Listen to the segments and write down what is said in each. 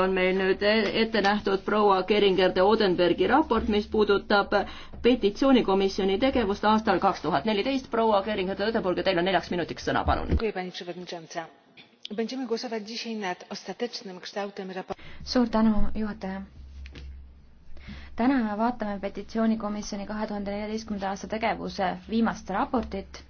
on meil nüüd e- ette nähtud proua Keringer de Odenbergi raport, mis puudutab petitsioonikomisjoni tegevust aastal kaks tuhat neliteist. proua Keringer de Odenberg, teil on neljaks minutiks sõna, palun. suur tänu, juhataja. täna vaatame petitsioonikomisjoni kahe tuhande neljateistkümnenda aasta tegevuse viimast raportit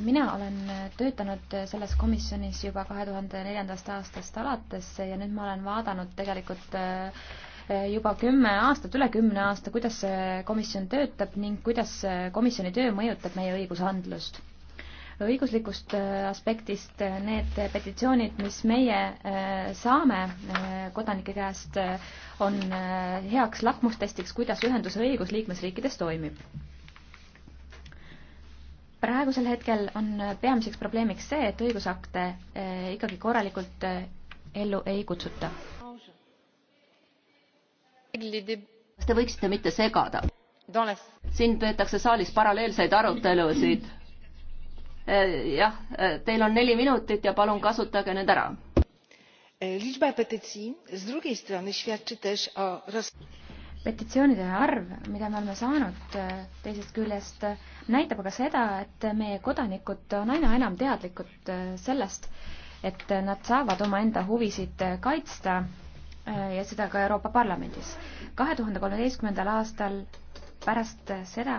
mina olen töötanud selles komisjonis juba kahe tuhande neljandast aastast alates ja nüüd ma olen vaadanud tegelikult äh, juba kümme aastat, üle kümne aasta, kuidas see komisjon töötab ning kuidas komisjoni töö mõjutab meie õigusandlust. õiguslikust äh, aspektist äh, need petitsioonid, mis meie saame kodanike käest, on heaks lakmustestiks, kuidas ühenduse õigus liikmesriikides toimib praegusel hetkel on peamiseks probleemiks see, et õigusakte eh, ikkagi korralikult eh, ellu ei kutsuta. kas te võiksite mitte segada? siin peetakse saalis paralleelseid arutelusid. Eh, jah, teil on neli minutit ja palun kasutage need ära. liczba petycji z drugiej strony świadczy też o petitsioonide arv, mida me oleme saanud äh, teisest küljest, äh, näitab aga seda, et meie kodanikud on aina enam teadlikud äh, sellest, et nad saavad omaenda huvisid kaitsta ja seda ka Euroopa Parlamendis. kahe tuhande kolmeteistkümnendal aastal pärast seda,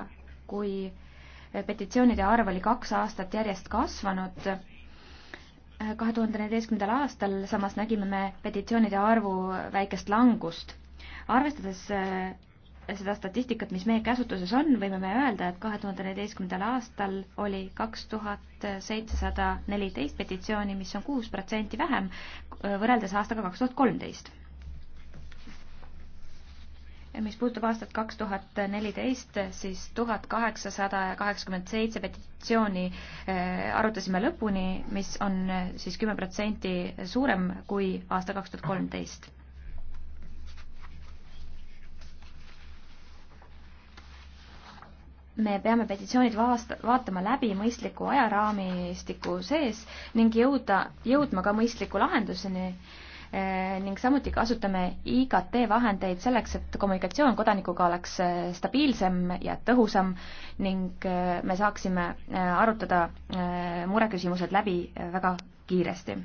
kui petitsioonide arv oli kaks aastat järjest kasvanud, kahe tuhande neljateistkümnendal aastal samas nägime me petitsioonide arvu väikest langust arvestades äh, seda statistikat, mis meie käsutuses on, võime me öelda, et kahe tuhande neljateistkümnendal aastal oli kaks tuhat seitsesada neliteist petitsiooni, mis on kuus protsenti vähem äh, võrreldes aastaga kaks tuhat kolmteist. mis puudutab aastat kaks tuhat neliteist, siis tuhat kaheksasada kaheksakümmend seitse petitsiooni äh, arutasime lõpuni, mis on siis kümme protsenti suurem kui aasta kaks tuhat kolmteist me peame petitsioonid vaast-, vaatama läbi mõistliku ajaraamistiku sees ning jõuda, jõudma ka mõistliku lahenduseni eh, ning samuti kasutame IKT vahendeid selleks, et kommunikatsioon kodanikuga oleks eh, stabiilsem ja tõhusam ning eh, me saaksime arutada mureküsimused läbi väga kiiresti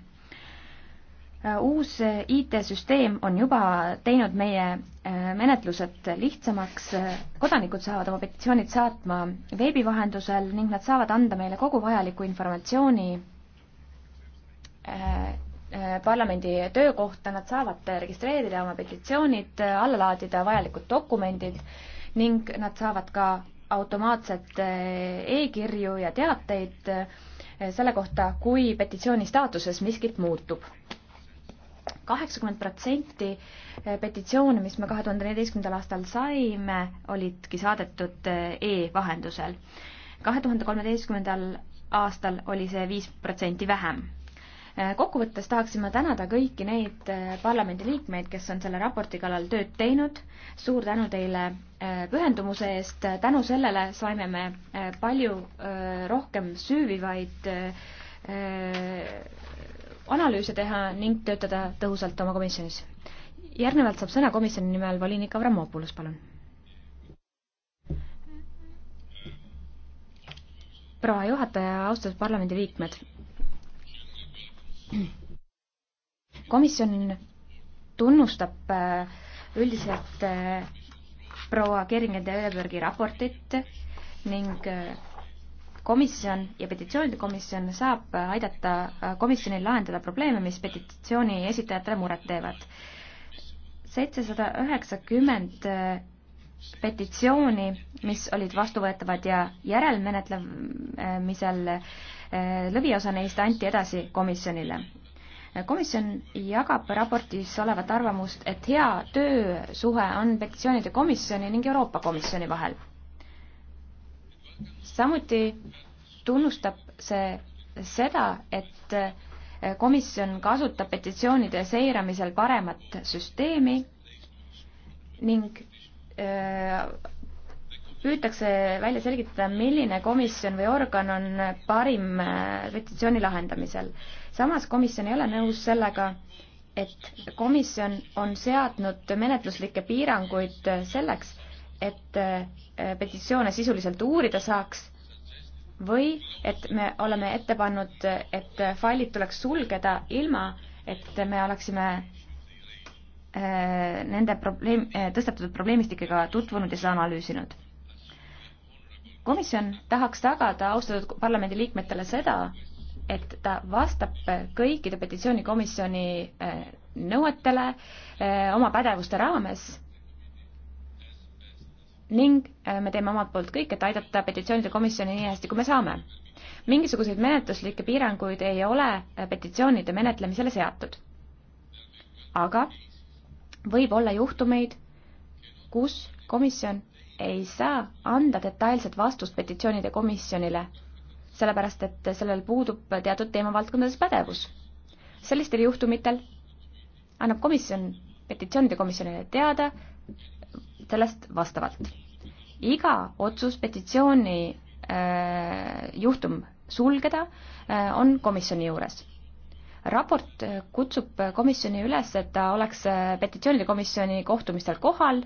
Äh, uus IT-süsteem on juba teinud meie äh, menetlused lihtsamaks, äh, kodanikud saavad oma petitsioonid saatma veebi vahendusel ning nad saavad anda meile kogu vajaliku informatsiooni parlamendi töö kohta, nad saavad registreerida oma petitsioonid, alla laadida vajalikud dokumendid ning nad saavad ka automaatset e-kirju ja teateid selle kohta, kui petitsiooni staatuses miskit muutub kaheksakümmend protsenti eh, petitsioone, mis me kahe tuhande neljateistkümnendal aastal saime, olidki saadetud eh, e-vahendusel. kahe tuhande kolmeteistkümnendal aastal oli see viis protsenti vähem eh, kokkuvõttes tahaksin ma tänada kõiki neid parlamendiliikmeid, kes on selle raporti kallal tööd teinud. suur tänu teile pühendumuse eest, tänu sellele saime me palju rohkem süüvivaid analüüse teha ning töötada tõhusalt oma komisjonis. järgnevalt saab sõna komisjoni nimel volinik Avramopoulos, palun. proua juhataja, austatud parlamendiliikmed. komisjon tunnustab äh, üldiselt äh, proua Keringe-Tööbergi raportit ning äh, komisjon ja petitsioonide komisjon saab aidata äh, komisjonil lahendada probleeme, mis petitsiooni esitajatele muret teevad. seitsesada üheksakümmend äh, petitsiooni, mis olid vastuvõetavad ja järelmenetlemisel, äh, lõviosa neist anti edasi komisjonile. komisjon jagab raportis olevat arvamust, et hea töösuhe on petitsioonide komisjoni ning Euroopa Komisjoni vahel samuti tunnustab see seda, et komisjon kasutab petitsioonide seiramisel paremat süsteemi ning äh, püütakse välja selgitada, milline komisjon või organ on parim äh, petitsiooni lahendamisel. samas komisjon ei ole nõus sellega, et komisjon on seadnud menetluslikke piiranguid selleks, et äh, Äh, petitsioone sisuliselt uurida saaks või et me oleme ette pannud, et failid tuleks sulgeda ilma, et me oleksime äh, nende probleem, äh, tõstatatud probleemistikega tutvunud ja seda analüüsinud. komisjon tahaks tagada austatud parlamendiliikmetele seda, et ta vastab kõikide petitsioonikomisjoni nõuetele oma pädevuste raames ning äh, me teeme omalt poolt kõik, et aidata petitsioonide komisjoni nii hästi, kui me saame. mingisuguseid menetluslikke piiranguid ei ole äh, petitsioonide menetlemisele seatud. aga võib olla juhtumeid, kus komisjon ei saa anda detailset vastust petitsioonide komisjonile, sellepärast et sellel puudub teatud teemavaldkondades pädevus. sellistel juhtumitel annab komisjon petitsioonide komisjonile teada, sellest vastavalt. iga otsus petitsiooni äh, juhtum sulgeda äh, on komisjoni juures. raport äh, kutsub komisjoni üles, et ta oleks petitsioonide komisjoni kohtumistel kohal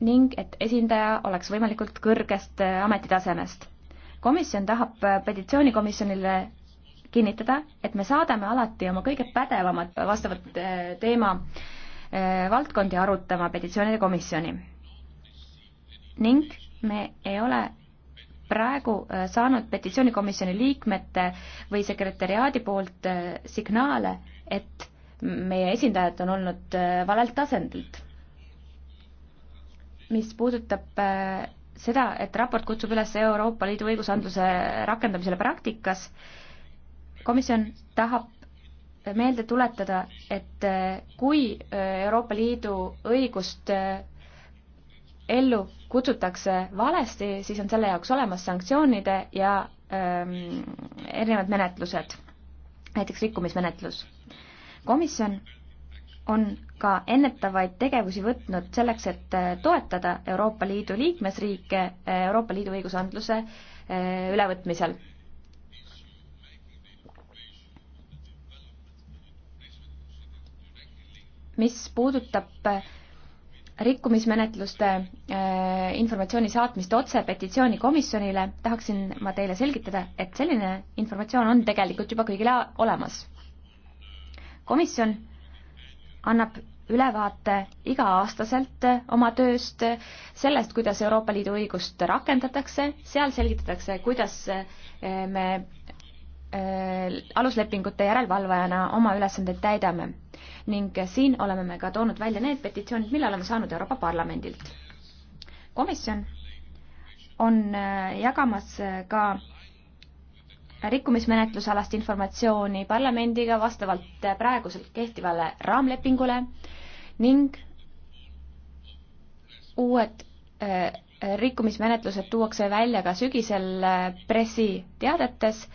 ning et esindaja oleks võimalikult kõrgest ametitasemest. komisjon tahab petitsioonikomisjonile kinnitada, et me saadame alati oma kõige pädevamad vastavat teema äh, Eh, valdkondi arutama petitsioonide komisjoni. ning me ei ole praegu eh, saanud petitsioonikomisjoni liikmete või sekretäriaadi poolt eh, signaale, et meie esindajad on olnud valelt tasandilt. mis puudutab seda, et raport kutsub üles Euroopa Liidu õigusandluse rakendamisele praktikas, komisjon tahab meelde tuletada, et äh, kui äh, Euroopa Liidu õigust äh, ellu kutsutakse valesti, siis on selle jaoks olemas sanktsioonide ja ähm, erinevad menetlused, näiteks rikkumismenetlus. komisjon on ka ennetavaid tegevusi võtnud selleks, et toetada Euroopa Liidu liikmesriike Euroopa Liidu õigusandluse ülevõtmisel mis puudutab äh, rikkumismenetluste äh, informatsiooni saatmist otse petitsioonikomisjonile, tahaksin ma teile selgitada, et selline informatsioon on tegelikult juba kõigile olemas. komisjon annab ülevaate iga-aastaselt äh, oma tööst, sellest, kuidas Euroopa Liidu õigust rakendatakse, seal selgitatakse, kuidas me Äh, aluslepingute järelevalvajana oma ülesandeid täidame. ning siin oleme me ka toonud välja need petitsioonid, mille oleme saanud Euroopa Parlamendilt. komisjon on äh, jagamas äh, ka rikkumismenetlusalast informatsiooni parlamendiga vastavalt praeguselt kehtivale raamlepingule ning uued rikkumismenetlused tuuakse välja ka sügisel pressiteadetes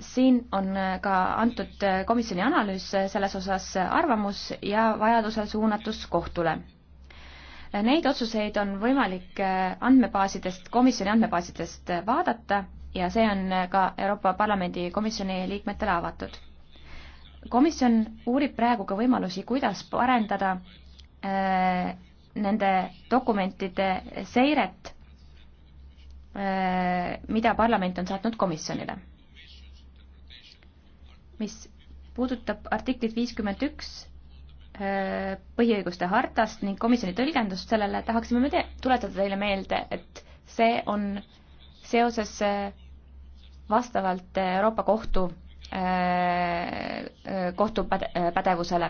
siin on ka antud komisjoni analüüs selles osas arvamus ja vajadusel suunatus kohtule. Neid otsuseid on võimalik andmebaasidest, komisjoni andmebaasidest vaadata ja see on ka Euroopa Parlamendi komisjoni liikmetele avatud. komisjon uurib praegu ka võimalusi, kuidas parendada äh, nende dokumentide seiret, äh, mida parlament on saatnud komisjonile mis puudutab artiklit viiskümmend üks äh, põhiõiguste hartast ning komisjoni tõlgendust sellele, tahaksime me te tuletada teile meelde, et see on seoses äh, vastavalt äh, Euroopa Kohtu, kohtu pädevusele.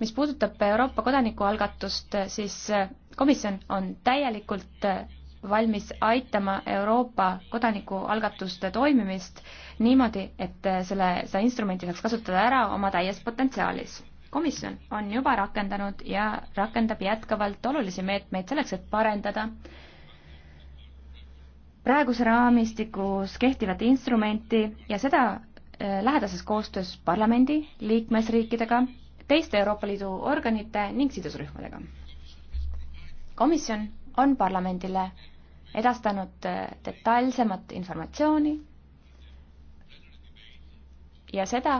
mis puudutab Euroopa kodanikualgatust, siis komisjon on täielikult valmis aitama Euroopa kodanikualgatuste toimimist niimoodi, et selle, seda instrumenti saaks kasutada ära oma täies potentsiaalis. komisjon on juba rakendanud ja rakendab jätkuvalt olulisi meetmeid selleks, et parendada praeguse raamistikus kehtivat instrumenti ja seda eh, lähedases koostöös parlamendi, liikmesriikidega, teiste Euroopa Liidu organite ning sidusrühmadega. komisjon on parlamendile edastanud äh, detailsemat informatsiooni ja seda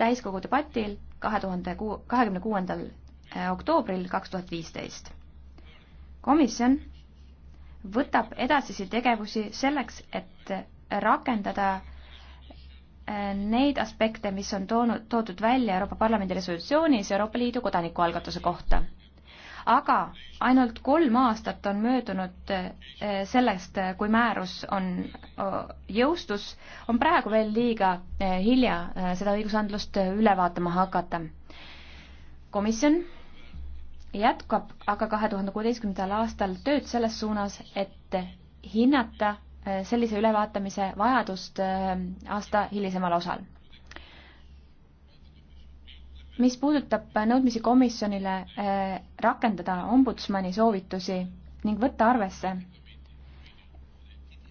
täiskogu debatil kahe tuhande kuu, kahekümne kuuendal äh, oktoobril kaks tuhat viisteist. komisjon võtab edasisi tegevusi selleks, et äh, rakendada neid aspekte, mis on toonud, toodud välja Euroopa Parlamendi resolutsioonis Euroopa Liidu kodanikualgatuse kohta aga ainult kolm aastat on möödunud eh, sellest, eh, kui määrus on, jõustus, on praegu veel liiga eh, hilja seda õigusandlust üle vaatama hakata. komisjon jätkab aga kahe tuhande kuueteistkümnendal aastal tööd selles suunas, et hinnata sellise ülevaatamise vajadust aasta hilisemal osal mis puudutab nõudmisi komisjonile äh, rakendada ombudsmani soovitusi ning võtta arvesse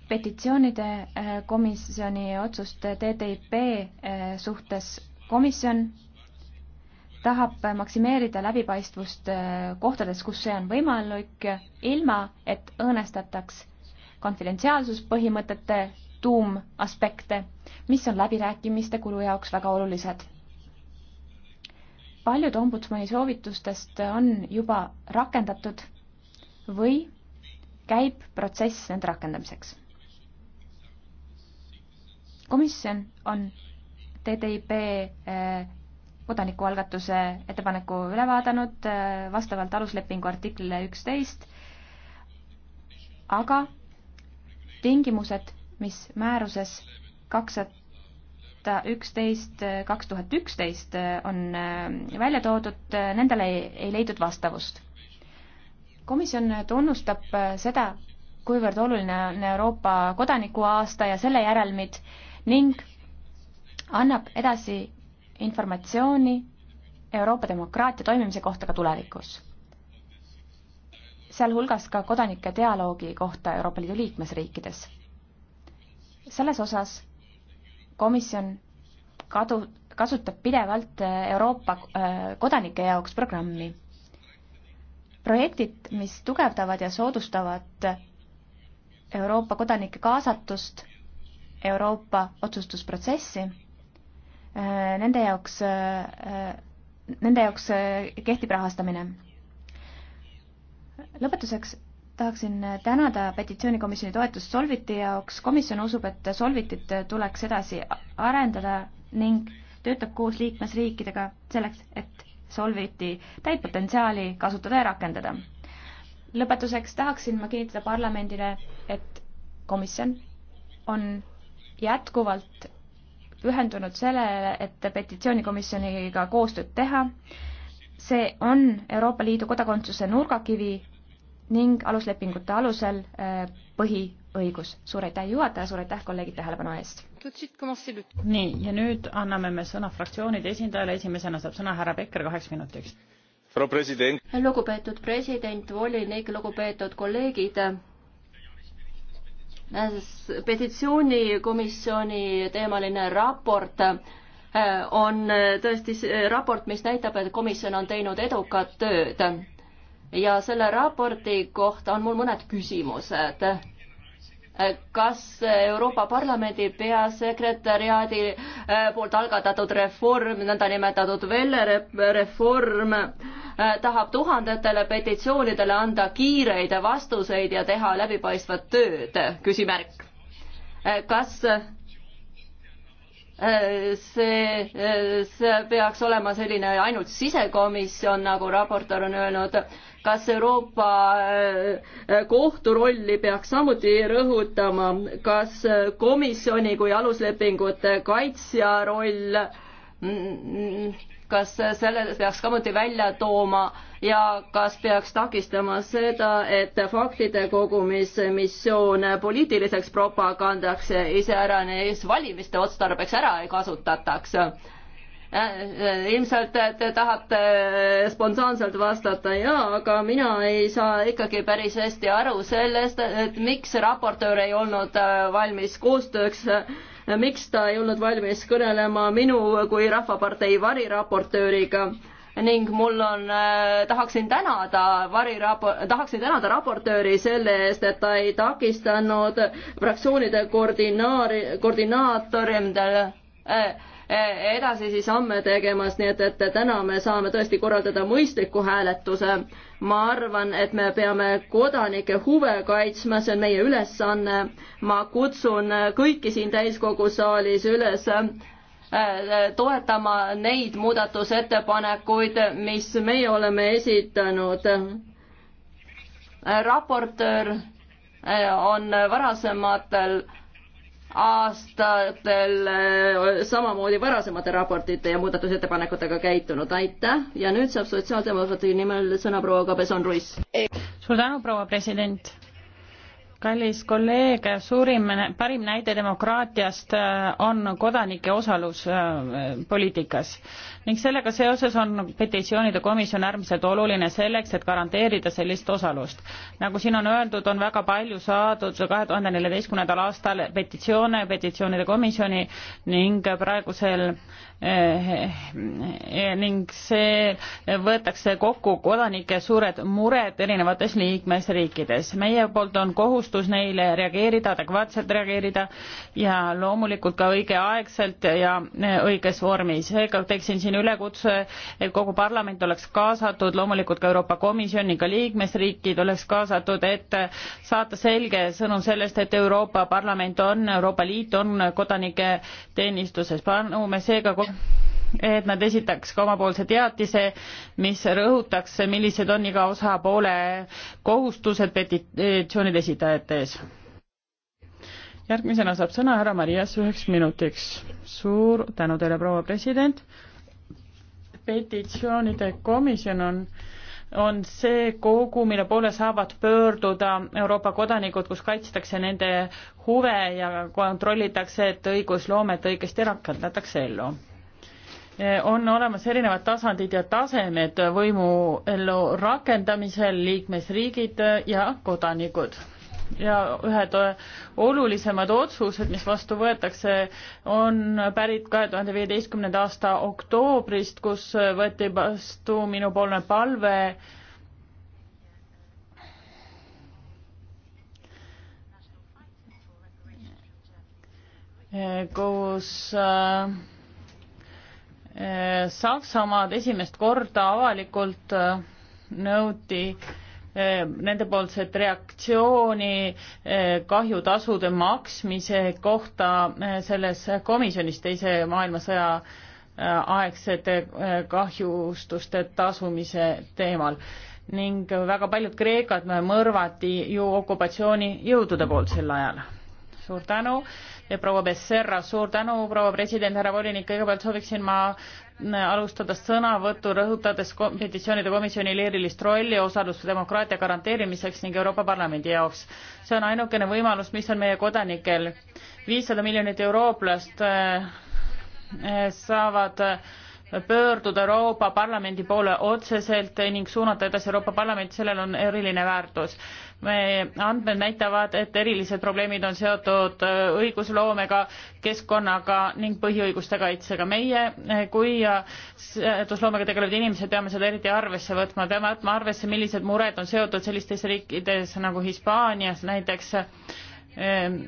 petitsioonide äh, komisjoni otsust TTIP äh, suhtes komisjon tahab maksimeerida läbipaistvust kohtades, kus see on võimalik, ilma et õõnestataks konfidentsiaalsuspõhimõtete tuumaspekte, mis on läbirääkimiste kulu jaoks väga olulised paljud ombudsmani soovitustest on juba rakendatud või käib protsess nende rakendamiseks. komisjon on TTIP eh, kodanikualgatuse ettepaneku üle vaadanud eh, vastavalt aluslepingu artiklile üksteist, aga tingimused, mis määruses kakssada üksteist, kaks tuhat üksteist äh, on äh, välja toodud, äh, nendele ei, ei leidnud vastavust. komisjon tunnustab seda, kuivõrd oluline on Euroopa kodanikuaasta ja selle järelmid ning annab edasi informatsiooni Euroopa demokraatia toimimise kohta ka tulevikus. sealhulgas ka kodanike dialoogi kohta Euroopa Liidu liikmesriikides. selles osas komisjon kadu, kasutab pidevalt äh, Euroopa äh, kodanike jaoks programmi. projektid, mis tugevdavad ja soodustavad Euroopa kodanike kaasatust Euroopa otsustusprotsessi, äh, nende jaoks, nende jaoks kehtib rahastamine. lõpetuseks tahaksin tänada petitsioonikomisjoni toetust Solviti jaoks. komisjon usub, et Solvitit tuleks edasi arendada ning töötab koos liikmesriikidega selleks, et Solviti täit potentsiaali kasutada ja rakendada. lõpetuseks tahaksin ma kinnitada parlamendile, et komisjon on jätkuvalt pühendunud sellele, et petitsioonikomisjoniga koostööd teha. see on Euroopa Liidu kodakondsuse nurgakivi ning aluslepingute alusel äh, põhiõigus. suur aitäh juhataja, suur aitäh kolleegid tähelepanu eest! nii, ja nüüd anname me sõna fraktsioonide esindajale, esimesena saab sõna härra Pekker kaheks minutiks. lugupeetud president, volinik, lugupeetud kolleegid, petitsioonikomisjoni teemaline raport äh, on äh, tõesti raport, mis näitab, et komisjon on teinud edukat tööd ja selle raporti kohta on mul mõned küsimused kas Euroopa Parlamendi peasekretäriaadi äh, poolt algatatud reform, nõndanimetatud Velle reform, äh, tahab tuhandetele petitsioonidele anda kiireid vastuseid ja teha läbipaistvat tööd, küsimärk. Äh, kas see, see peaks olema selline ainult sisekomisjon, nagu raportöör on öelnud, kas Euroopa äh, äh, kohtu rolli peaks samuti rõhutama, kas äh, komisjoni kui aluslepingute kaitsja roll, mm, mm, kas selle peaks samuti välja tooma ja kas peaks takistama seda, et faktide kogumismissioon poliitiliseks propagandaks iseäranis valimiste otstarbeks ära ei kasutataks Äh, äh, ilmselt te tahate spontaanselt vastata jaa, aga mina ei saa ikkagi päris hästi aru sellest, et miks raportöör ei olnud äh, valmis koostööks, miks ta ei olnud valmis kõnelema minu kui Rahvapartei variraportööriga ning mul on äh,, tahaksin tänada varirapo-, tahaksin tänada raportööri selle eest, et ta ei takistanud fraktsioonide koordinaari, koordinaatoril äh, E, edasisi samme tegemas, nii et, et täna me saame tõesti korraldada mõistliku hääletuse. ma arvan, et me peame kodanike huve kaitsma, see on meie ülesanne. ma kutsun kõiki siin täiskogu saalis üles e, toetama neid muudatusettepanekuid, mis meie oleme esitanud. raportöör e, on varasematel aastatel äh, samamoodi varasemate raportite ja muudatusettepanekutega käitunud, aitäh ja nüüd saab sotsiaaldemokraatide nimel sõna proua Kabeson-Ruiz. suur tänu, proua president. kallis kolleeg, suurim, parim näide demokraatiast äh, on kodanike osalus äh, poliitikas ning sellega seoses on petitsioonide komisjon äärmiselt oluline selleks, et garanteerida sellist osalust. nagu siin on öeldud, on väga palju saadud kahe tuhande neljateistkümnendal aastal petitsioone petitsioonide komisjoni ning praegusel eh, eh, ning see võetakse kokku kodanike suured mured erinevates liikmesriikides. meie poolt on kohustus neile reageerida, adekvaatselt reageerida ja loomulikult ka õigeaegselt ja eh, õiges vormis. seega teeksin siin teeksin ülekutse, et kogu parlament oleks kaasatud, loomulikult ka Euroopa Komisjon ning ka liikmesriigid oleks kaasatud, et saata selge sõnum sellest, et Euroopa Parlament on, Euroopa Liit on kodanike teenistuses, panume seega et nad esitaks ka omapoolse teatise, mis rõhutaks, millised on iga osapoole kohustused petitsioonide esitajate ees. järgmisena saab sõna härra Marias üheks minutiks. suur tänu teile, proua president petitsioonide komisjon on on see kogu, mille poole saavad pöörduda Euroopa kodanikud, kus kaitstakse nende huve ja kontrollitakse, et õigusloomet õigesti rakendatakse ellu. on olemas erinevad tasandid ja tasemed võimu ellu rakendamisel, liikmesriigid ja kodanikud ja ühed olulisemad otsused, mis vastu võetakse, on pärit kahe tuhande viieteistkümnenda aasta oktoobrist, kus võeti vastu minupoolne palve kus äh, Saksamaad esimest korda avalikult äh, nõuti Ehm, nendepoolset reaktsiooni ehm, kahjutasude maksmise kohta ehm, selles komisjonis teise maailmasõja aegsete kahjustuste tasumise teemal ning väga paljud Kreekad mõrvati ju okupatsioonijõudude poolt sel ajal. suur tänu, proua Becerra, suur tänu, proua president, härra volinik, kõigepealt sooviksin ma alustada sõnavõttu, rõhutades petitsioonide komisjoni erilist rolli osalusdemokraatia garanteerimiseks ning Euroopa Parlamendi jaoks. see on ainukene võimalus, mis on meie kodanikel. viissada miljonit eurooplast äh, äh, saavad äh, pöörduda Euroopa Parlamendi poole otseselt ning suunata edasi Euroopa Parlamenti, sellel on eriline väärtus. me, andmed näitavad, et erilised probleemid on seotud äh, õigusloomega, keskkonnaga ning põhiõiguste kaitsega. meie äh, kui äh, seadusloomega tegelevad inimesed peame seda eriti arvesse võtma, peame võtma arvesse, millised mured on seotud sellistes riikides nagu Hispaanias näiteks ähm,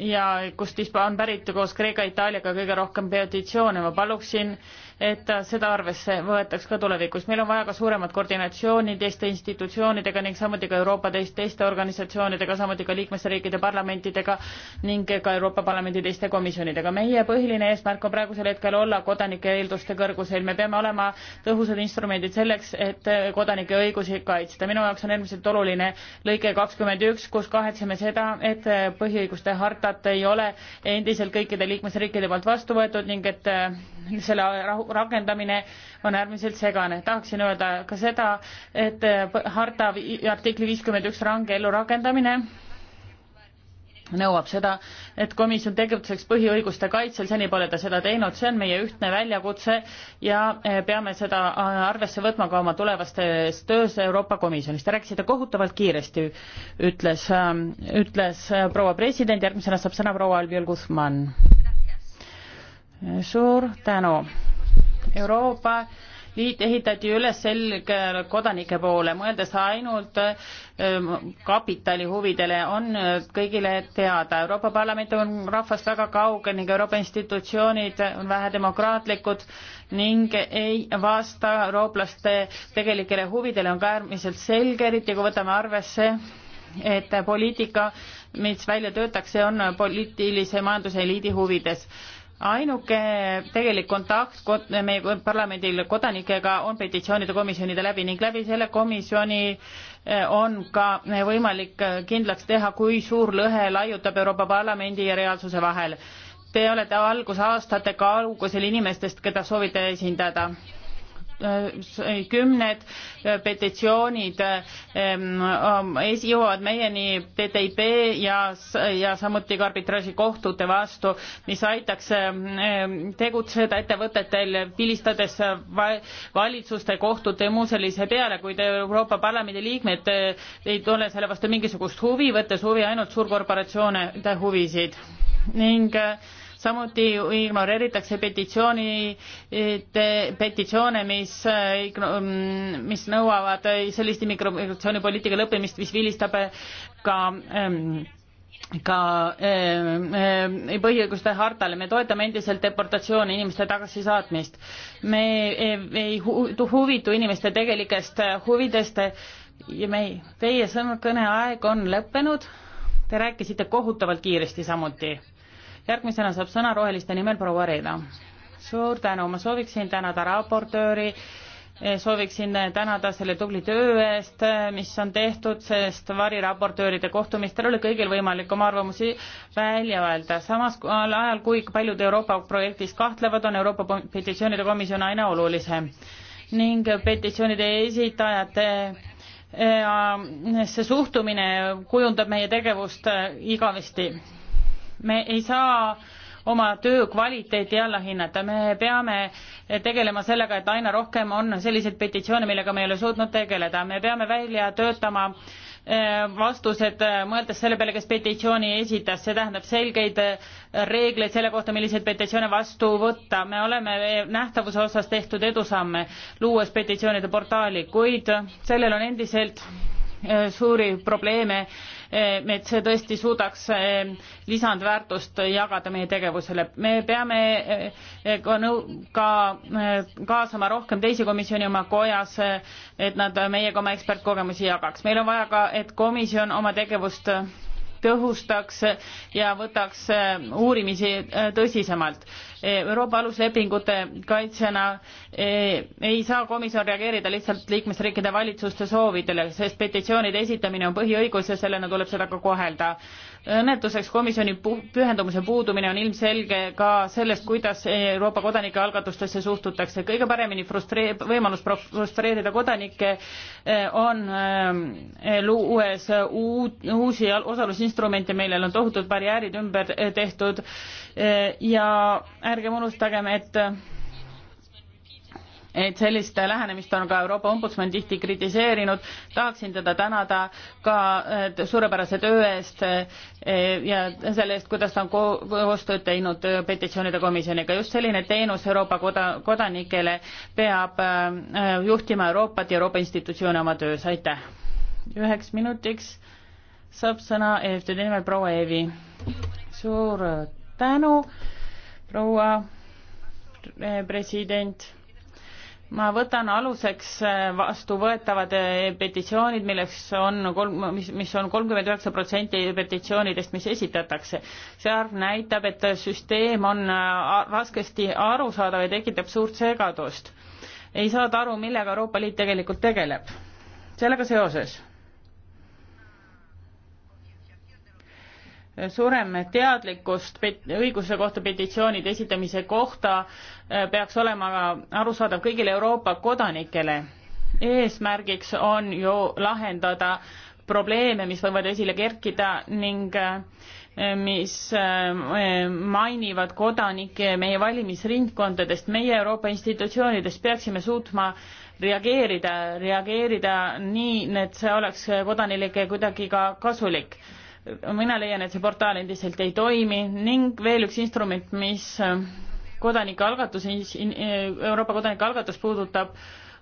ja kust on pärit koos Kreeka, Itaaliaga kõige rohkem petitsioone, ma paluksin äh, et seda arvesse võetaks ka tulevikus. meil on vaja ka suuremat koordinatsiooni teiste institutsioonidega ning samuti ka Euroopa teist, teiste organisatsioonidega, samuti ka liikmesriikide parlamentidega ning ka Euroopa Parlamendi teiste komisjonidega. meie põhiline eesmärk on praegusel hetkel olla kodanike eelduste kõrgusel, me peame olema tõhusad instrumendid selleks, et kodanike õigusi kaitsta. minu jaoks on äärmiselt oluline lõige kakskümmend üks, kus kahetseme seda, et põhiõiguste hartat ei ole endiselt kõikide liikmesriikide poolt vastu võetud ning et selle rahu, rakendamine on äärmiselt segane. tahaksin öelda ka seda, et äh, harta artikli viiskümmend üks range ellurakendamine nõuab seda, et komisjon tegutseks põhiõiguste kaitsel, seni pole ta seda teinud, see on meie ühtne väljakutse ja äh, peame seda äh, arvesse võtma ka oma tulevastes töös Euroopa Komisjonis. Te rääkisite kohutavalt kiiresti, ütles, ähm, ütles proua president, järgmisena saab sõna proua Albiol Guzman. suur tänu Euroopa Liit ehitati üles selge kodanike poole, mõeldes ainult ähm, kapitali huvidele, on kõigile teada. Euroopa Parlament on rahvast väga kaugel ning Euroopa institutsioonid on vähe demokraatlikud ning ei vasta eurooplaste tegelikele huvidele, on ka äärmiselt selge, eriti kui võtame arvesse et poliitika, mis välja töötakse, on poliitilise majanduseliidi huvides ainuke tegelik kontakt kod, meie parlamendil kodanikega on petitsioonide komisjonide läbi ning läbi selle komisjoni eh, on ka eh, võimalik eh, kindlaks teha, kui suur lõhe laiutab Euroopa Parlamendi ja reaalsuse vahel. Te olete algusaastate kaugusel inimestest, keda soovite esindada Äh, kümned äh, petitsioonid ähm, ähm, jõuavad meieni TTIP ja, ja samuti ka arbitraažikohtute vastu, mis aitaks ähm, tegutseda ettevõtetel, vilistades valitsuste, kohtute ja muu sellise peale, kuid Euroopa Parlamendi liikmed äh, ei ole selle vastu mingisugust huvi, võttes huvi ainult suurkorporatsioonide huvisid ning äh, samuti ignoreeritakse petitsiooni, petitsioone, mis, mis nõuavad selliste immigratsioonipoliitika lõppemist, mis vilistab ka ehm, ka ehm, ehm, põhiõiguste hartale, me toetame endiselt deportatsiooni, inimeste tagasisaatmist. me ei huvitu inimeste tegelikest huvidest ja me ei, teie sõnakõneaeg on lõppenud. Te rääkisite kohutavalt kiiresti samuti järgmisena saab sõna Roheliste nimel proua Reeda. suur tänu, ma sooviksin tänada raportööri, eh, sooviksin tänada selle tubli töö eest, eh, mis on tehtud, sest variraportööride kohtumistel oli kõigil võimalik oma arvamusi välja öelda. samas ajal, kui paljud Euroopa projektis kahtlevad, on Euroopa petitsioonide komisjon aina olulisem ning petitsioonide esitajate eh, see suhtumine kujundab meie tegevust igavesti me ei saa oma töö kvaliteeti alla hinnata, me peame tegelema sellega, et aina rohkem on selliseid petitsioone, millega me ei ole suutnud tegeleda, me peame välja töötama eh, vastused, eh, mõeldes selle peale, kes petitsiooni esitas, see tähendab selgeid eh, reegleid selle kohta, milliseid petitsioone vastu võtta. me oleme nähtavuse osas tehtud edusamme, luues petitsioonide portaali, kuid sellel on endiselt suuri probleeme E, et see tõesti suudaks e, lisandväärtust jagada meie tegevusele. me peame e, ka nõu-, ka kaasama rohkem teisi komisjoni oma kojas, et nad meiega oma ekspertkogemusi jagaks. meil on vaja ka, et komisjon oma tegevust tõhustaks ja võtaks uurimisi tõsisemalt Eh, Euroopa aluslepingute kaitsjana eh, ei saa komisjon reageerida lihtsalt liikmesriikide valitsuste soovidele, sest petitsioonide esitamine on põhiõigus ja sellena tuleb seda ka kohelda. õnnetuseks komisjoni pühendumuse puudumine on ilmselge ka sellest, kuidas Euroopa kodanike algatustesse suhtutakse. kõige paremini frustre-, võimalus frustreerida kodanikke eh, on luues uut, uusi osalusinstrumente, millel on tohutud barjäärid ümber tehtud Eh, ja ärgem unustagem, et et sellist lähenemist on ka Euroopa Ombudsman tihti kritiseerinud. tahaksin teda tänada ka eh, suurepärase töö eest eh, ja selle eest, kuidas ta on koostööd teinud petitsioonide komisjoniga. just selline teenus Euroopa koda-, kodanikele peab juhtima Euroopat ja Euroopa institutsioone oma töös, aitäh. üheks minutiks saab sõna EFTD nimel proua Eevi. suur tänu, proua eh, president. ma võtan aluseks eh, vastuvõetavad eh, petitsioonid, milleks on kolm, mis, mis on kolmkümmend üheksa protsenti petitsioonidest, mis esitatakse. see arv näitab, et süsteem on raskesti arusaadav ja tekitab suurt segadust. ei saada aru, millega Euroopa Liit tegelikult tegeleb. sellega seoses suurem teadlikkust õiguse kohta, petitsioonide esitamise kohta äh, peaks olema arusaadav kõigile Euroopa kodanikele. eesmärgiks on ju lahendada probleeme, mis võivad esile kerkida ning äh, mis äh, mainivad kodanikke meie valimisringkondadest, meie Euroopa institutsioonidest peaksime suutma reageerida, reageerida nii, et see oleks kodanikele kuidagi ka kasulik mina leian, et see portaal endiselt ei toimi ning veel üks instrument, mis äh, kodanikualgatus, äh, Euroopa kodanikualgatus puudutab,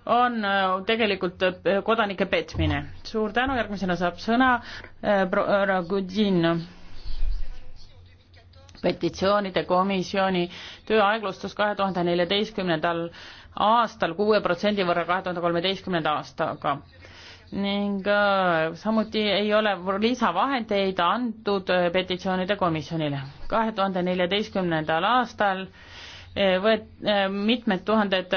on äh, tegelikult kodanike petmine. suur tänu, järgmisena saab sõna härra Gudin. petitsioonide komisjoni töö aeglustus kahe tuhande neljateistkümnendal aastal kuue protsendi võrra kahe tuhande kolmeteistkümnenda aastaga ning äh, samuti ei ole lisavahendeid antud äh, petitsioonide komisjonile. kahe tuhande neljateistkümnendal aastal äh, võet-, mitmed tuhanded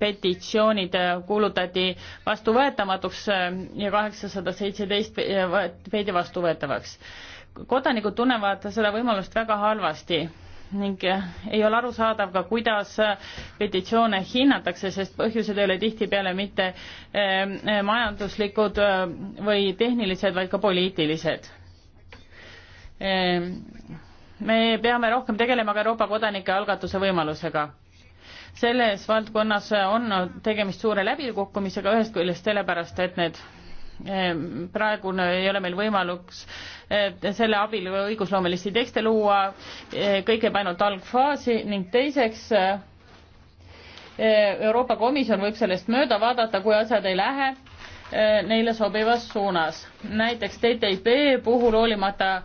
petitsioonid kuulutati vastuvõetamatuks ja kaheksasada seitseteist peeti vastuvõetavaks. kodanikud tunnevad seda võimalust väga halvasti ning eh, ei ole arusaadav ka, kuidas eh, petitsioone hinnatakse, sest põhjused ei ole tihtipeale mitte eh, majanduslikud või tehnilised, vaid ka poliitilised. me peame rohkem tegelema ka Euroopa kodanike algatuse võimalusega selles valdkonnas on tegemist suure läbikukkumisega ühest küljest sellepärast, et need Ehm, praegune ei ole meil võimalus selle abil õigusloomelisi tekste luua, ehm, kõik jääb ainult algfaasi ning teiseks ehm, Euroopa Komisjon võib sellest mööda vaadata, kui asjad ei lähe neile sobivas suunas. näiteks TTIP puhul hoolimata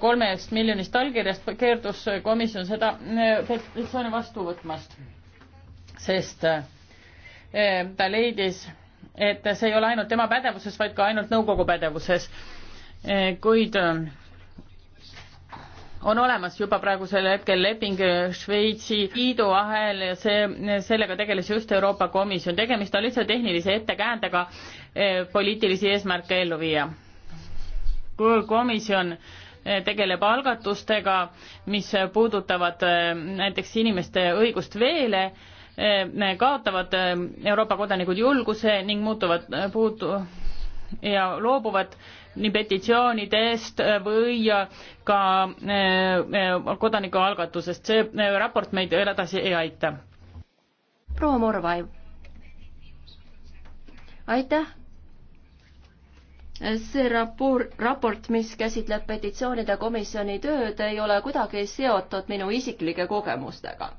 kolmest miljonist allkirjast keerdus komisjon seda petitsiooni vastu võtmast, sest ta leidis, et see ei ole ainult tema pädevuses, vaid ka ainult nõukogu pädevuses. kuid äh, on olemas juba praegusel hetkel leping Šveitsi liidu vahel ja see, sellega tegeles just Euroopa Komisjon. tegemist on lihtsalt tehnilise ettekäändega äh, poliitilisi eesmärke ellu viia. kui komisjon äh, tegeleb algatustega, mis puudutavad näiteks inimeste õigust veele, Ehm, kaotavad ehm, Euroopa kodanikud julguse ning muutuvad eh, puutu- ja loobuvad nii petitsioonidest eh, või ka eh, kodanikualgatusest. see raport meid veel edasi ei aita. proua Morvai. aitäh. see rapor-, raport, mis käsitleb petitsioonide komisjoni tööd, ei ole kuidagi seotud minu isiklike kogemustega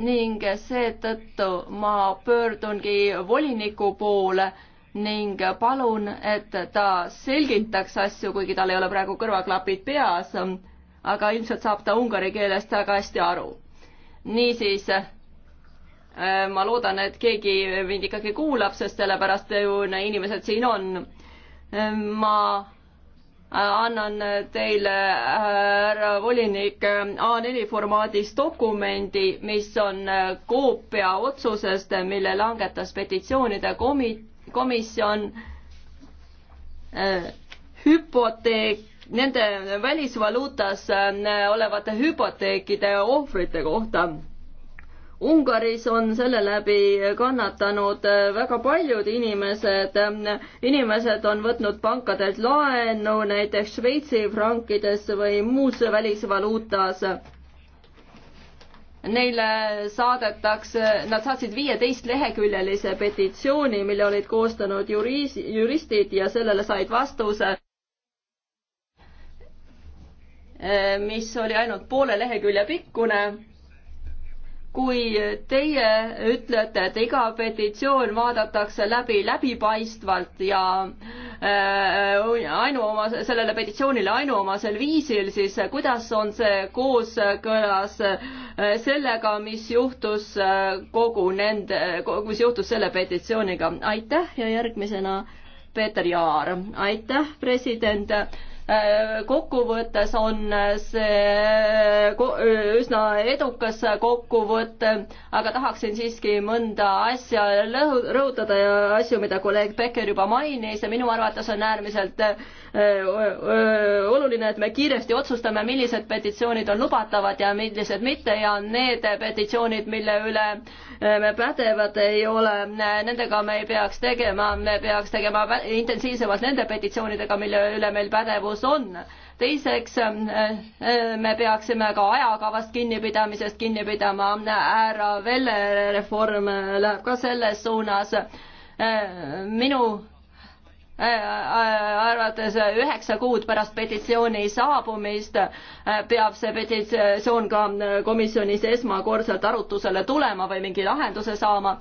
ning seetõttu ma pöördungi voliniku poole ning palun, et ta selgitaks asju, kuigi tal ei ole praegu kõrvaklapid peas, aga ilmselt saab ta ungari keelest väga hästi aru. niisiis, äh, ma loodan, et keegi mind ikkagi kuulab, sest sellepärast ju inimesed siin on. Äh, ma annan teile, härra volinik, A4 formaadis dokumendi, mis on koopia otsusest, mille langetas petitsioonide komi-, komisjon hüpoteek, nende välisvaluutas eh, olevate hüpoteekide ohvrite kohta Ungaris on selle läbi kannatanud äh, väga paljud inimesed. inimesed on võtnud pankadelt laenu näiteks Šveitsi frankides või muus välisvaluutas. Neile saadetakse, nad saatsid viieteistleheküljelise petitsiooni, mille olid koostanud juriis, juristid ja sellele said vastuse äh, mis oli ainult poole lehekülje pikkune kui teie ütlete, et iga petitsioon vaadatakse läbi läbipaistvalt ja äh, ainuoma, sellele petitsioonile ainuomasel viisil, siis kuidas on see kooskõlas äh, sellega, mis juhtus äh, kogu nende, mis juhtus selle petitsiooniga? aitäh ja järgmisena Peeter Jaar. aitäh, president Äh, kokkuvõttes on see äh, äh, üsna edukas kokkuvõte, aga tahaksin siiski mõnda asja rõhutada ja asju, mida kolleeg Becker juba mainis ja minu arvates on äärmiselt oluline, et me kiiresti otsustame, millised petitsioonid on lubatavad ja millised mitte ja need petitsioonid, mille üle me pädevad ei ole, nendega me ei peaks tegema, me peaks tegema intensiivsemalt nende petitsioonidega, mille üle meil pädevus võimalus on. teiseks, äh, äh, me peaksime ka ajakavast kinnipidamisest kinni pidama, härra Velle reform läheb ka selles suunas. Äh, minu Äh, äh, arvates äh, üheksa kuud pärast petitsiooni saabumist peab see petitsioon ka komisjonis esmakordselt arutusele tulema või mingi lahenduse saama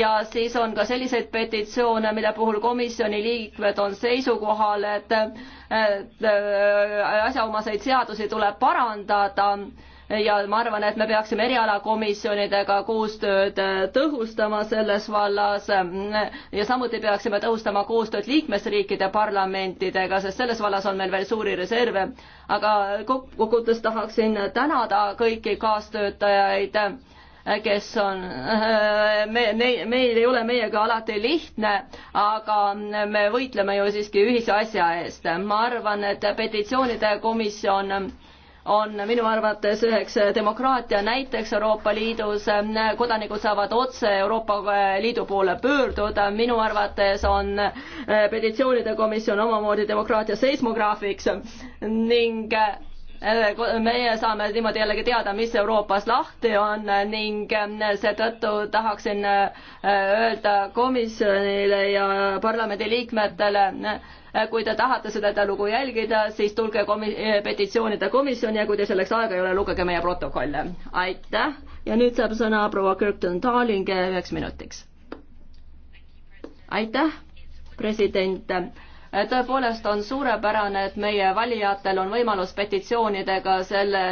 ja siis on ka selliseid petitsioone, mille puhul komisjoni liikmed on seisukohal, et asjaomaseid seadusi tuleb parandada ja ma arvan, et me peaksime erialakomisjonidega koostööd äh, tõhustama selles vallas ja samuti peaksime tõhustama koostööd liikmesriikide parlamentidega, sest selles vallas on meil veel suuri reserve. aga kokkuvõttes tahaksin tänada kõiki kaastöötajaid, äh, kes on, äh, me, ne-, meil ei ole meiega alati lihtne, aga me võitleme ju siiski ühise asja eest. ma arvan, et petitsioonide komisjon on minu arvates üheks demokraatia näiteks Euroopa Liidus. kodanikud saavad otse Euroopa Liidu poole pöörduda. minu arvates on eh, petitsioonide komisjon omamoodi demokraatia seismograafiks ning eh, meie saame niimoodi jällegi teada, mis Euroopas lahti on ning eh, seetõttu tahaksin öelda komisjonile ja parlamendiliikmetele, Äh, kui te tahate seda lugu jälgida, siis tulge komi-, äh, petitsioonide komisjoni ja kui teil selleks aega ei ole, lugege meie protokolle. aitäh ja nüüd saab sõna proua Kirkton Darling üheks minutiks. aitäh, president äh, tõepoolest on suurepärane, et meie valijatel on võimalus petitsioonidega selle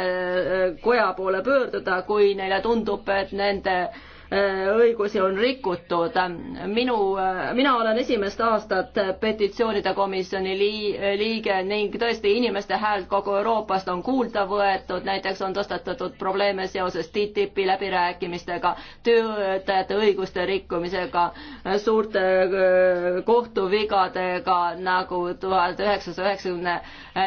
koja poole pöörduda, kui neile tundub, et nende Äh, õigusi on rikutud. minu, äh, mina olen esimest aastat petitsioonide komisjoni liige ning tõesti inimeste häält kogu Euroopast on kuulda võetud, näiteks on tõstatatud probleeme seoses TTIP-i läbirääkimistega, töötajate õiguste rikkumisega, suurte äh, kohtuvigadega nagu tuhat üheksasaja üheksakümne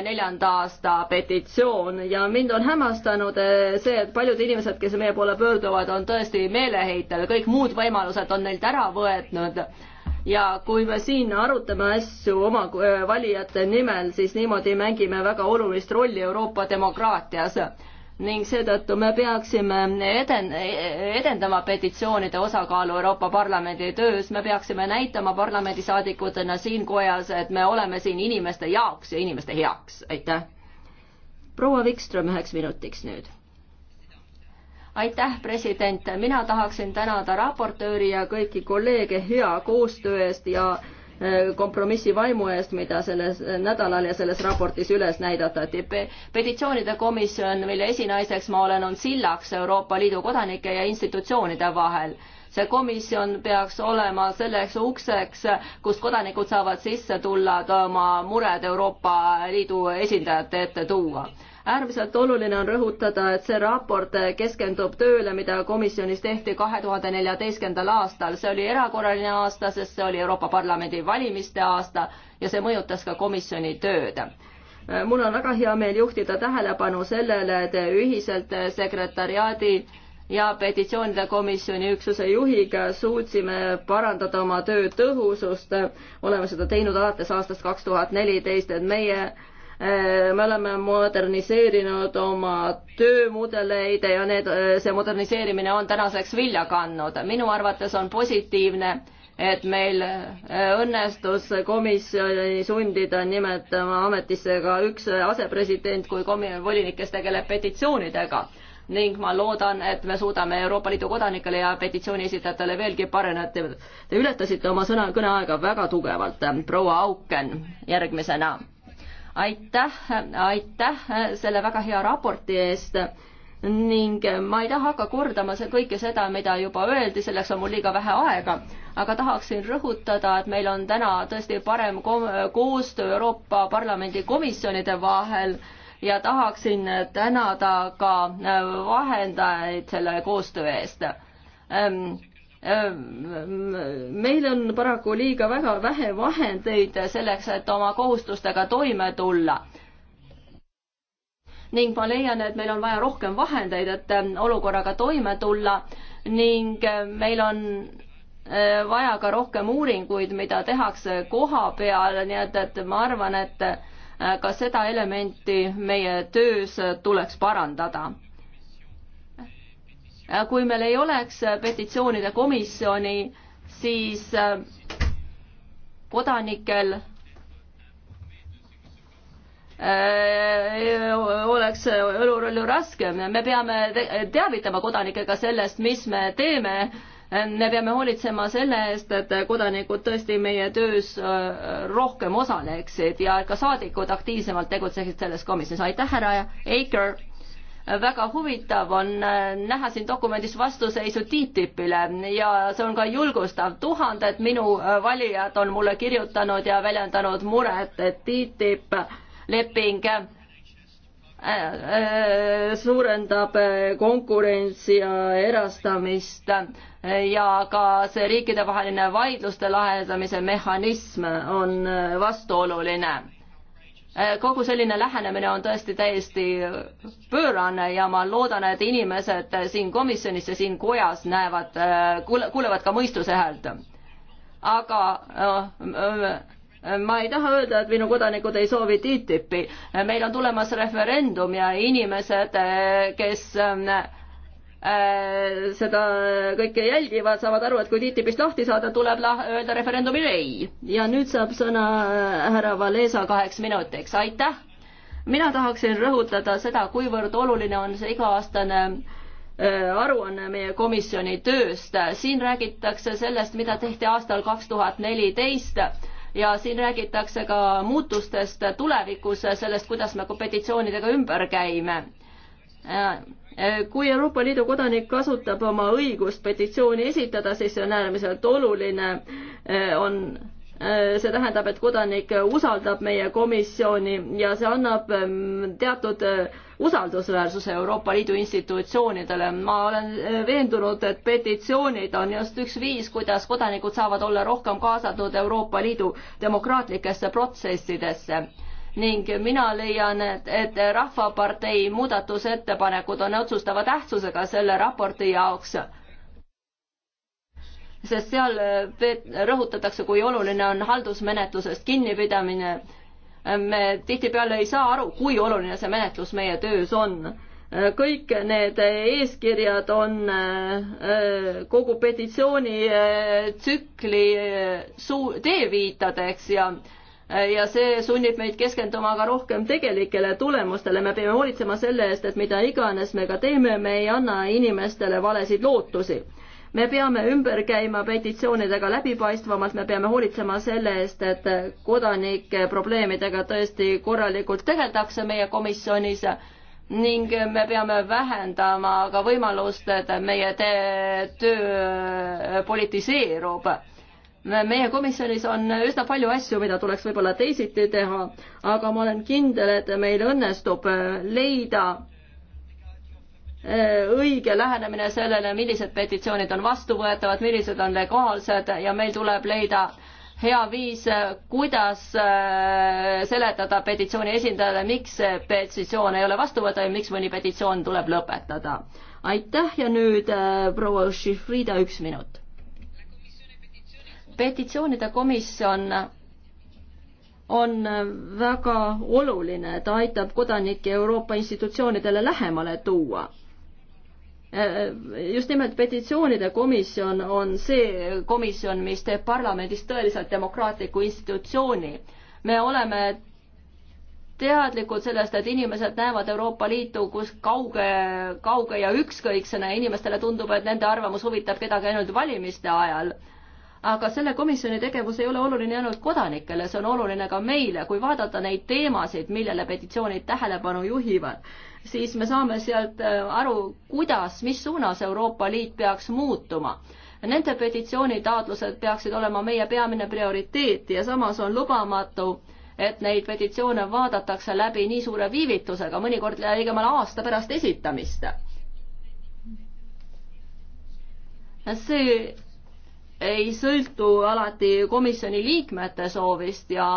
neljanda aasta petitsioon ja mind on hämmastanud see, et paljud inimesed, kes meie poole pöörduvad, on tõesti meeleheitel tarbijatel, kõik muud võimalused on neilt ära võetud ja kui me siin arutame asju oma äh, valijate nimel, siis niimoodi mängime väga olulist rolli Euroopa demokraatias ning seetõttu me peaksime eden-, edendama petitsioonide osakaalu Euroopa Parlamendi töös, me peaksime näitama parlamendisaadikutena siin kojas, et me oleme siin inimeste jaoks ja inimeste heaks, aitäh. proua Vikström üheks minutiks nüüd aitäh, president, mina tahaksin tänada raportööri ja kõiki kolleege hea koostöö eest ja äh, kompromissi vaimu eest, mida selles äh, nädalal ja selles raportis üles näidatati. petitsioonide komisjon, mille esinaiseks ma olen, on sillaks Euroopa Liidu kodanike ja institutsioonide vahel see komisjon peaks olema selleks ukseks, kust kodanikud saavad sisse tulla, et oma mured Euroopa Liidu esindajate ette tuua äärmiselt oluline on rõhutada, et see raport keskendub tööle, mida komisjonis tehti kahe tuhande neljateistkümnendal aastal. see oli erakorraline aasta, sest see oli Euroopa Parlamendi valimiste aasta ja see mõjutas ka komisjoni tööd mul on väga hea meel juhtida tähelepanu sellele, et ühiselt sekretariaadi ja petitsioonide komisjoni üksuse juhiga suutsime parandada oma töö tõhusust. oleme seda teinud alates aastast kaks tuhat neliteist, et meie Äh, me oleme moderniseerinud oma töömudeleid ja need, äh, see moderniseerimine on tänaseks vilja kandnud. minu arvates on positiivne, et meil äh, õnnestus komisjoni sundida nimetama ametisse ka üks asepresident kui komi-, volinik, kes tegeleb petitsioonidega ning ma loodan, et me suudame Euroopa Liidu kodanikele ja petitsiooni esitajatele veelgi pareneda. Te ületasite oma sõna, kõneaega väga tugevalt, proua Auken järgmisena aitäh, aitäh selle väga hea raporti eest ning ma ei taha hakka kordama kõike seda, mida juba öeldi, selleks on mul liiga vähe aega, aga tahaksin rõhutada, et meil on täna tõesti parem koostöö Euroopa Parlamendi komisjonide vahel ja tahaksin tänada ka vahendajaid selle koostöö eest ehm, Ehm, meil on paraku liiga väga vähe vahendeid selleks, et oma kohustustega toime tulla. ning ma leian, et meil on vaja rohkem vahendeid, et ehm, olukorraga toime tulla ning ehm, meil on vaja ka rohkem uuringuid, mida tehakse koha peal, nii et, et ma arvan, et ka seda elementi meie töös tuleks parandada Äh, kui meil ei oleks äh, petitsioonide komisjoni, siis äh, kodanikel oleks õlurõllu raskem, me peame teavitama kodanikega sellest, mis me teeme me peame hoolitsema selle eest, et kodanikud tõesti meie töös rohkem osaleksid ja ka saadikud aktiivsemalt tegutseksid selles komisjonis. aitäh, härra Eiker! väga huvitav on äh, näha siin dokumendis vastuseisu TTIP-ile ja see on ka julgustav. tuhanded minu äh, valijad on mulle kirjutanud ja väljendanud muret, et TTIP leping äh, suurendab konkurentsi ja erastamist ja ka see riikidevaheline vaidluste lahendamise mehhanism on vastuoluline Äh, kogu selline lähenemine on tõesti täiesti pöörane ja ma loodan, et inimesed siin komisjonis ja siin kojas näevad, äh, kuulevad ka mõistuse häält. aga äh, ma ei taha öelda, et minu kodanikud ei soovi TTIP-i. meil on tulemas referendum ja inimesed, kes Äh, seda kõike jälgivad, saavad aru, et kui TTIP-ist lahti saada, tuleb lah-, öelda referendumil ei. ja nüüd saab sõna äh, härra Valesa kaheks minutiks, aitäh! mina tahaksin rõhutada seda, kuivõrd oluline on see iga-aastane äh, aruanne meie komisjoni tööst. siin räägitakse sellest, mida tehti aastal kaks tuhat neliteist ja siin räägitakse ka muutustest tulevikus, sellest, kuidas me petitsioonidega ümber käime Eh, kui Euroopa Liidu kodanik kasutab oma õigust petitsiooni esitada, siis see on äärmiselt oluline, eh, on, eh, see tähendab, et kodanik usaldab meie komisjoni ja see annab ehm, teatud usaldusväärsuse Euroopa Liidu institutsioonidele. ma olen veendunud, et petitsioonid on just üks viis, kuidas kodanikud saavad olla rohkem kaasatud Euroopa Liidu demokraatlikesse protsessidesse ning mina leian, et, et Rahvapartei muudatusettepanekud on otsustava tähtsusega selle raporti jaoks sest seal rõhutatakse, kui oluline on haldusmenetlusest kinnipidamine. me tihtipeale ei saa aru, kui oluline see menetlus meie töös on. kõik need eeskirjad on äh, kogu petitsioonitsükli äh, äh, suu-, teeviitadeks ja ja see sunnib meid keskenduma ka rohkem tegelikele tulemustele, me peame hoolitsema selle eest, et mida iganes me ka teeme, me ei anna inimestele valesid lootusi. me peame ümber käima petitsioonidega läbipaistvamalt, me peame hoolitsema selle eest, et kodanike probleemidega tõesti korralikult tegeldakse meie komisjonis ning me peame vähendama ka võimalust, et meie töö politiseerub meie komisjonis on üsna palju asju, mida tuleks võib-olla teisiti teha, aga ma olen kindel, et meil õnnestub leida äh, õige lähenemine sellele, millised petitsioonid on vastuvõetavad, millised on legaalsed ja meil tuleb leida hea viis, kuidas äh, seletada petitsiooni esindajale, miks see petitsioon ei ole vastuvõetav ja miks mõni petitsioon tuleb lõpetada. aitäh ja nüüd äh, proua Šifrida, üks minut petitsioonide komisjon on väga oluline, ta aitab kodanikke Euroopa institutsioonidele lähemale tuua. just nimelt petitsioonide komisjon on see komisjon, mis teeb parlamendist tõeliselt demokraatliku institutsiooni. me oleme teadlikud sellest, et inimesed näevad Euroopa Liitu kus kauge, kauge ja ükskõiksena ja inimestele tundub, et nende arvamus huvitab kedagi ainult valimiste ajal aga selle komisjoni tegevus ei ole oluline ainult kodanikele, see on oluline ka meile, kui vaadata neid teemasid, millele petitsioonid tähelepanu juhivad, siis me saame sealt äh, aru, kuidas, mis suunas Euroopa Liit peaks muutuma nende petitsioonitaotlused peaksid olema meie peamine prioriteet ja samas on lubamatu, et neid petitsioone vaadatakse läbi nii suure viivitusega, mõnikord ligemale aasta pärast esitamist. see ei sõltu alati komisjoni liikmete soovist ja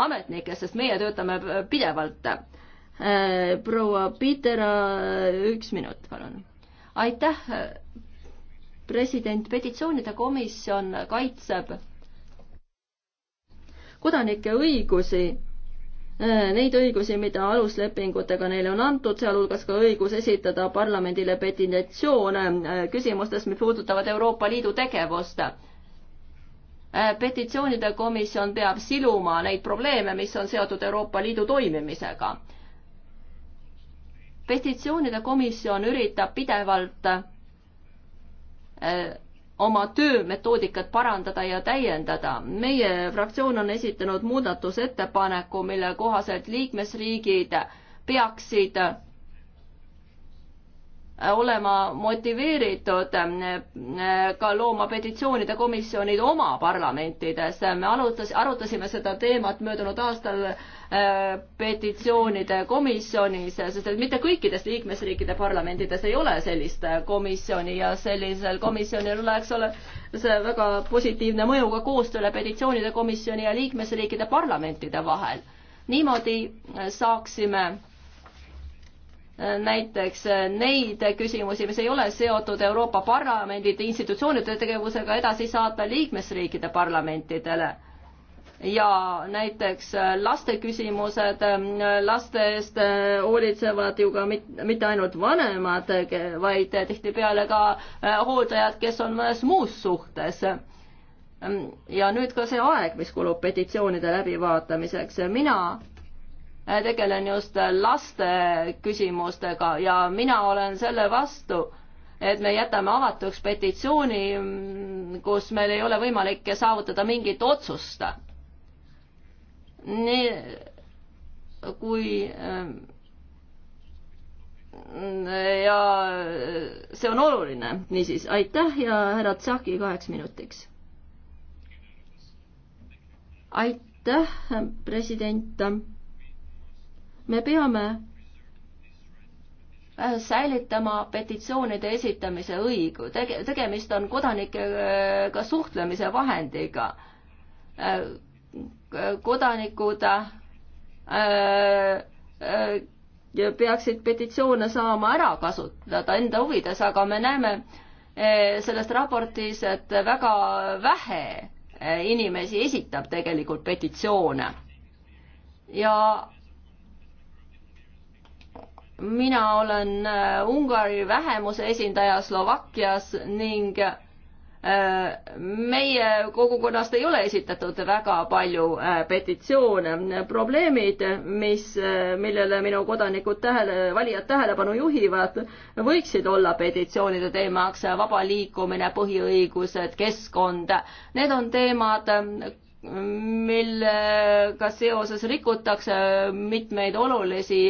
ametnikest, sest meie töötame pidevalt. Äh, proua Pitera, äh, üks minut, palun. aitäh, president, petitsioonide komisjon kaitseb kodanike õigusi Äh, neid õigusi, mida aluslepingutega neile on antud, sealhulgas ka õigus esitada parlamendile petitsioone äh, küsimustes, mis puudutavad Euroopa Liidu tegevust. Äh, petitsioonide komisjon peab siluma neid probleeme, mis on seotud Euroopa Liidu toimimisega. petitsioonide komisjon üritab pidevalt oma töömetoodikat parandada ja täiendada. meie fraktsioon on esitanud muudatusettepaneku, mille kohaselt liikmesriigid peaksid olema motiveeritud äh, ka looma petitsioonide komisjonid oma parlamentides. me arutas, arutasime seda teemat möödunud aastal äh, petitsioonide komisjonis, sest et mitte kõikides liikmesriikide parlamentides ei ole sellist komisjoni ja sellisel komisjonil oleks ole see väga positiivne mõju ka koostööle petitsioonide komisjoni ja liikmesriikide parlamentide vahel. niimoodi saaksime Äh, näiteks äh, neid küsimusi, mis ei ole seotud Euroopa Parlamendi institutsioonide tegevusega, edasi saata liikmesriikide parlamentidele. ja näiteks äh, laste küsimused, ähm, laste eest hoolitsevad ju ka mit, mitte ainult vanemad, vaid tihtipeale ka hooldajad, kes on mõnes muus suhtes ähm, ja nüüd ka see aeg, mis kulub petitsioonide läbivaatamiseks. mina Äh, tegelen just äh, laste küsimustega ja mina olen selle vastu, et me jätame avatuks petitsiooni, mm, kus meil ei ole võimalik saavutada mingit otsust. nii, kui ähm, ja äh, see on oluline, niisiis aitäh ja härra Tsahki kaheks minutiks. aitäh, president me peame äh, säilitama petitsioonide esitamise õigu, tege-, tegemist on kodanikega suhtlemise vahendiga. Äh, kodanikud äh, peaksid petitsioone saama ära kasutada enda huvides, aga me näeme selles raportis, et väga vähe inimesi esitab tegelikult petitsioone. ja mina olen äh, Ungari vähemuse esindaja Slovakkias ning äh, meie kogukonnast ei ole esitatud väga palju äh, petitsioone. probleemid, mis, millele minu kodanikud tähele, valijad tähelepanu juhivad, võiksid olla petitsioonide teemaks vaba liikumine, põhiõigused, keskkond. Need on teemad, millega seoses rikutakse mitmeid olulisi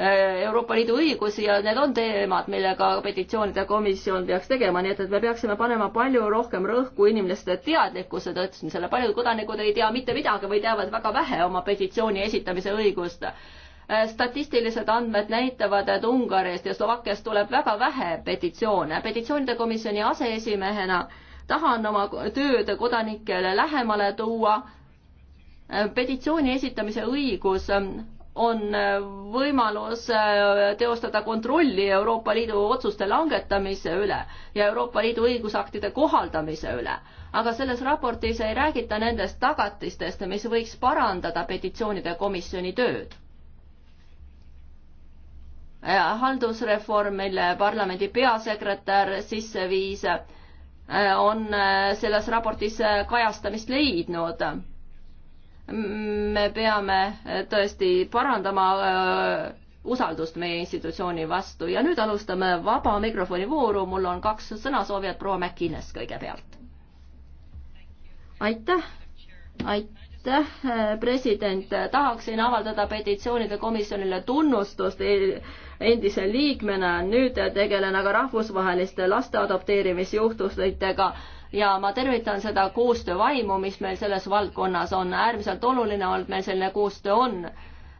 Äh, Euroopa Liidu õigusi ja need on teemad, millega petitsioonide komisjon peaks tegema, nii et, et me peaksime panema palju rohkem rõhku inimeste teadlikkuse tõstmisele, paljud kodanikud ei tea mitte midagi või teavad väga vähe oma petitsiooni esitamise õigust äh, statistilised andmed näitavad, et Ungarist ja Slovakkiast tuleb väga vähe petitsioone. petitsioonide komisjoni aseesimehena tahan oma tööd kodanikele lähemale tuua. Äh, petitsiooni esitamise õigus on võimalus äh, teostada kontrolli Euroopa Liidu otsuste langetamise üle ja Euroopa Liidu õigusaktide kohaldamise üle. aga selles raportis ei räägita nendest tagatistest, mis võiks parandada petitsioonide komisjoni tööd. haldusreform, mille parlamendi peasekretär sisse viis, äh, on äh, selles raportis kajastamist leidnud me peame äh, tõesti parandama äh, usaldust meie institutsiooni vastu ja nüüd alustame vaba mikrofoni vooru, mul on kaks sõnasoovijat, proua Mäkkines kõigepealt. aitäh, aitäh, äh, president, tahaksin avaldada petitsioonide komisjonile tunnustust e-, endise liikmena, nüüd tegelen aga rahvusvaheliste laste adopteerimisjuhtumitega ja ma tervitan seda koostöövaimu, mis meil selles valdkonnas on, äärmiselt oluline on, et meil selline koostöö on.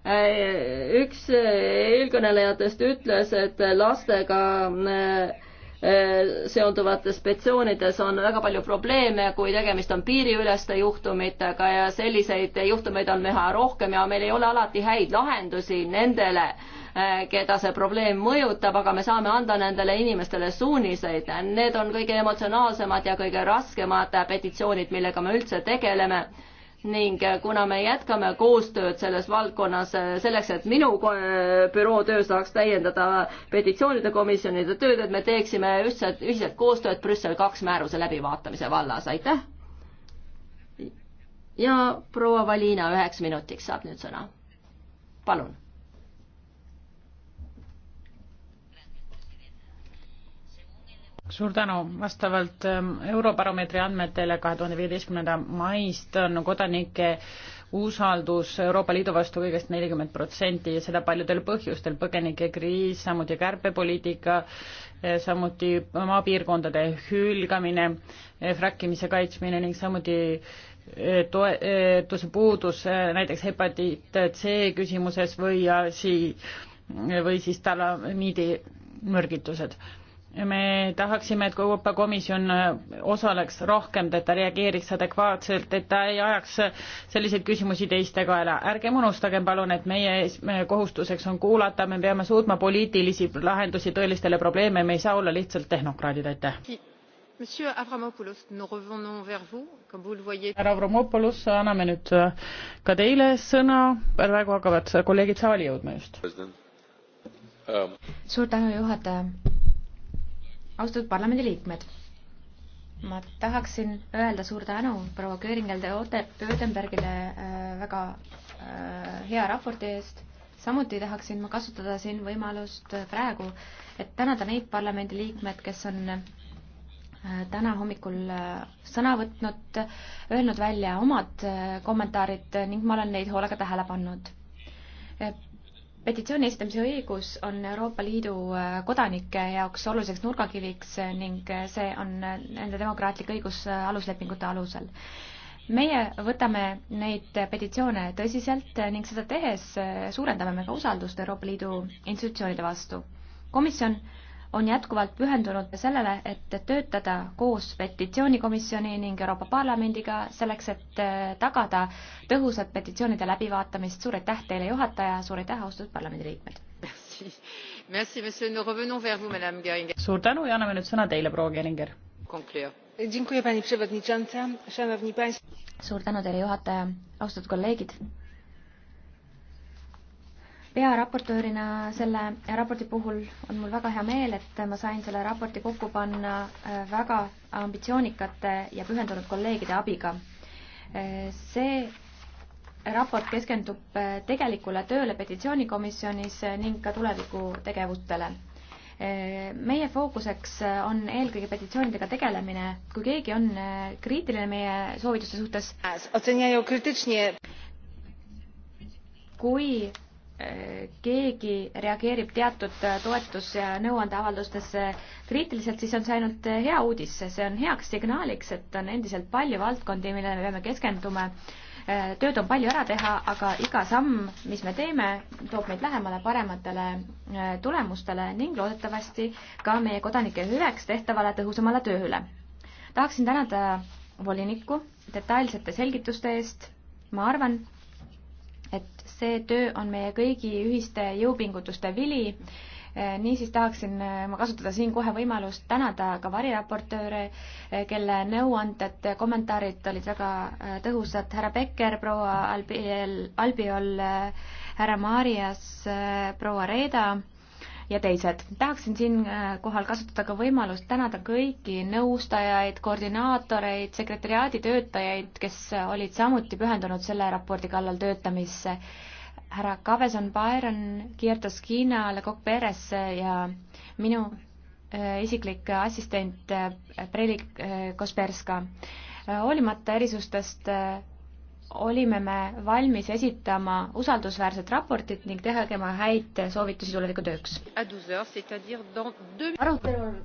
Äh, üks äh, eelkõnelejatest ütles, et lastega äh, seonduvates petsioonides on väga palju probleeme, kui tegemist on piiriüleste juhtumitega ja selliseid juhtumeid on üha rohkem ja meil ei ole alati häid lahendusi nendele äh, Äh, keda see probleem mõjutab, aga me saame anda nendele inimestele suuniseid. Need on kõige emotsionaalsemad ja kõige raskemad petitsioonid, millega me üldse tegeleme ning äh, kuna me jätkame koostööd selles valdkonnas äh, selleks, et minu büroo töö saaks täiendada petitsioonide komisjonide tööd, et me teeksime ühtset, ühiselt koostööd Brüssel kaks määruse läbivaatamise vallas, aitäh. ja proua Valina üheks minutiks saab nüüd sõna. palun suur tänu, vastavalt ähm, Eurobaromeetri andmetele kahe tuhande viieteistkümnenda maist on kodanike usaldus Euroopa Liidu vastu kõigest nelikümmend protsenti ja seda paljudel põhjustel, põgenikekriis, samuti kärpepoliitika, äh, samuti maapiirkondade hülgamine, äh, fräkkimise kaitsmine ning samuti äh, toetuse puudus näiteks hepatiit C küsimuses või si-, või siis talamiidi mürgitused me tahaksime, et Euroopa Komisjon äh, osaleks rohkem, et ta reageeriks adekvaatselt, et ta ei ajaks selliseid küsimusi teiste kaela. ärgem unustagem palun, et meie, meie kohustuseks on kuulata, me peame suutma poliitilisi lahendusi tõelistele probleeme, me ei saa olla lihtsalt tehnokraadid, aitäh. härra Avramopoulos, anname nüüd äh, ka teile sõna, praegu hakkavad kolleegid saali jõudma just. Um. suur tänu, juhataja austatud parlamendiliikmed, ma tahaksin öelda suur tänu proua Kööringel-Pöödenbergile äh, väga äh, hea raporti eest samuti tahaksin ma kasutada siin võimalust äh, praegu, et tänada neid parlamendiliikmed, kes on täna hommikul sõna võtnud, öelnud välja omad kommentaarid ning ma olen neid hoolega tähele pannud petitsiooni esitamise õigus on Euroopa Liidu äh, kodanike jaoks oluliseks nurgakiviks äh, ning äh, see on nende demokraatlik õigus aluslepingute alusel. meie võtame neid petitsioone tõsiselt ning seda tehes suurendame me ka usaldust Euroopa Liidu institutsioonide vastu. komisjon äh, on jätkuvalt pühendunud sellele, et töötada koos petitsioonikomisjoni ning Euroopa Parlamendiga selleks, et äh, tagada tõhusat petitsioonide läbivaatamist. suur aitäh teile, juhataja, suur aitäh, austatud parlamendiliikmed! suur tänu ja anname nüüd sõna teile, proua Geringer. suur tänu teile, juhataja, austatud kolleegid! pearaportöörina selle raporti puhul on mul väga hea meel, et ma sain selle raporti kokku panna äh, väga ambitsioonikate ja pühendunud kolleegide abiga. Äh, see raport keskendub äh, tegelikule tööle petitsioonikomisjonis ning ka tuleviku tegevustele. meie fookuseks on eelkõige petitsioonidega tegelemine. kui keegi on kriitiline meie soovituste suhtes, kui keegi reageerib teatud toetus- ja nõuandeavaldustesse kriitiliselt, siis on see ainult hea uudis, see on heaks signaaliks, et on endiselt palju valdkondi, millele me peame keskenduma. tööd on palju ära teha, aga iga samm, mis me teeme, toob meid lähemale parematele äh, tulemustele ning loodetavasti ka meie kodanike hüveks tehtavale tõhusamale tööle. tahaksin tänada volinikku detailsete selgituste eest, ma arvan, et see töö on meie kõigi ühiste jõupingutuste vili. Eh, niisiis tahaksin eh, ma kasutada siin kohe võimalust tänada ka variraportööre, eh, kelle nõuanded, kommentaarid olid väga tõhusad, härra Becker, proua Albiol, Albiol, härra Marias, proua Reeda ja teised. tahaksin siinkohal äh, kasutada ka võimalust tänada kõiki nõustajaid, koordinaatoreid, sekretäriaadi töötajaid, kes äh, olid samuti pühendunud selle raporti kallal töötamisse. härra Kaveson Byron, Kiertos Kiina, Le Coq Perez äh, ja minu isiklik assistent Prelik Kosperska. hoolimata erisustest olime me valmis esitama usaldusväärset raportit ning tegema häid soovitusi tuleviku tööks. arutelu on